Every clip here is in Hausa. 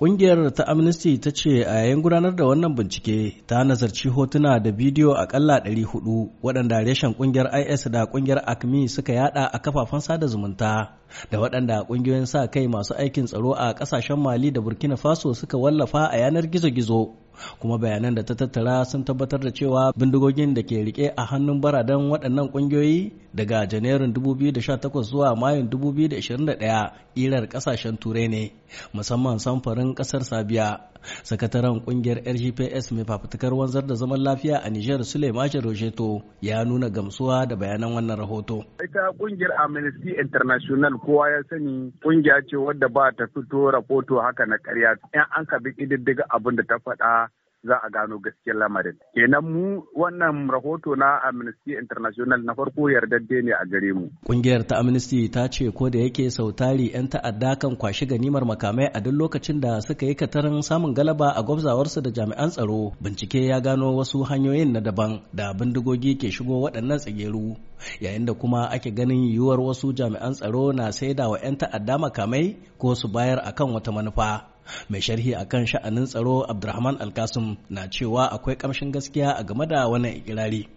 Ƙungiyar ta Amnesty ta ce a yayin gudanar da wannan bincike ta nazarci hotuna da bidiyo akalla 400 waɗanda reshen ƙungiyar IS da ƙungiyar ACMI suka yada a kafafen sada zumunta da waɗanda ƙungiyoyin sa kai masu aikin tsaro a ƙasashen Mali da Burkina Faso suka wallafa a yanar gizo-gizo. kuma bayanan da ta tattara sun tabbatar da cewa bindigogin da ke rike a hannun baradan waɗannan ƙungiyoyi daga janairun 2018 zuwa mayun 2021 irar ƙasashen turai ne musamman samfarin ƙasar sabiya sakataren kungiyar rgps mai fafutukar wanzar da zaman lafiya a nijar suleiman rojeto ya nuna gamsuwa da bayanan wannan rahoto ita kungiyar amnesty international kowa ya sani kungiya ce wadda ba ta fito rahoto haka na karya in an ka bi ƙididdiga abin da ta faɗa za a gano gaskiyar lamarin. Kenan mu wannan rahoto na Amnesty International na farko yardadde ne a gare mu. Kungiyar ta Amnesty ta ce ko da yake sautari 'yan ta'adda kan kwashi ganimar makamai a duk lokacin da suka yi katarin samun galaba a gwabzawarsu da jami'an tsaro bincike ya gano wasu hanyoyin na daban da bindigogi ke shigo waɗannan tsigeru yayin da kuma ake ganin yiwuwar wasu jami'an tsaro na saida wa 'yan ta'adda makamai ko su bayar akan wata manufa. mai sharhi a kan sha'anin tsaro abdulrahman alkasum na cewa akwai kamshin gaskiya a game da wannan ikirari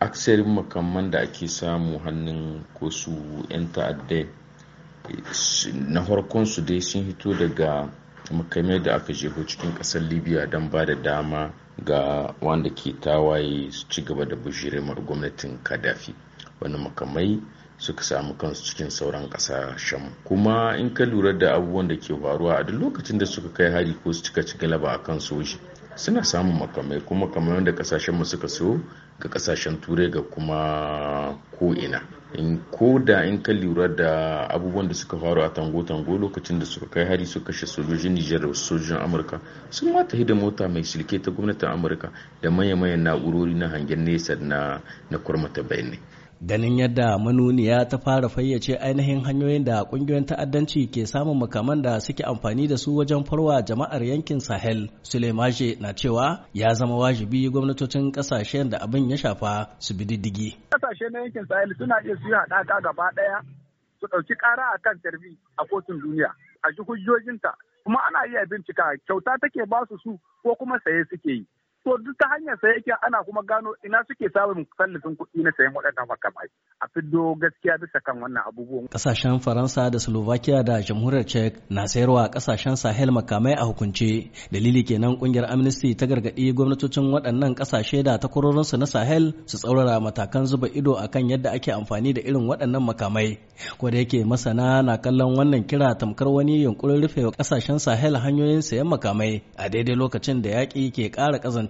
aksarin makamman da ake samu hannun ko su 'yan ta'adda na farkon su dai sun hito daga makamai da aka jefo cikin kasar libya don ba da dama ga wanda ke tawaye su ci gaba da bushiremar gwamnatin kadafi wani makamai suka samu kansu cikin sauran kasashen kuma in ka lura da abubuwan da ke faruwa a duk lokacin da suka kai hari ko su cika ci galaba a kan soji suna samun makamai kuma kamar yadda kasashen mu suka so ga kasashen turai ga kuma ko'ina in ko da in ka lura da abubuwan da suka faru a tango-tango lokacin da suka kai hari suka kashe sojojin nijar da sojojin amurka sun mata hida mota mai silke ta gwamnatin amurka da manya-manyan na'urori na hangen nesa na kwarmata bayanai ganin yadda manuniya ta fara fayyace ainihin hanyoyin da kungiyoyin ta'addanci ke samun makaman da suke amfani da su wajen farwa jama'ar yankin sahel sulemaje na cewa ya zama wajibi gwamnatocin kasashen da abin ya shafa su bi diddigi kasashe na yankin sahel suna iya su haɗaka gaba ɗaya su ɗauki ƙara a kan tarbi a kotun duniya a ji hujjojinta kuma ana iya bincika kyauta take basu su ko kuma saye suke yi to duk ta hanyar sai yake ana kuma gano ina suke samun tallafin kuɗi na sayan waɗannan makamai a fiddo gaskiya bisa kan wannan abubuwan. kasashen Faransa da Slovakia da Jamhuriyar Czech na sayarwa kasashen Sahel makamai a hukunce. Dalili kenan ƙungiyar Amnesty ta gargaɗi gwamnatocin waɗannan kasashe da takwarorinsu na Sahel su tsaurara matakan zuba ido akan yadda ake amfani da irin waɗannan makamai. Ko da yake masana na kallon wannan kira tamkar wani yunkurin rufe wa kasashen Sahel hanyoyin sayan makamai a daidai lokacin da yaƙi ke ƙara ƙazanta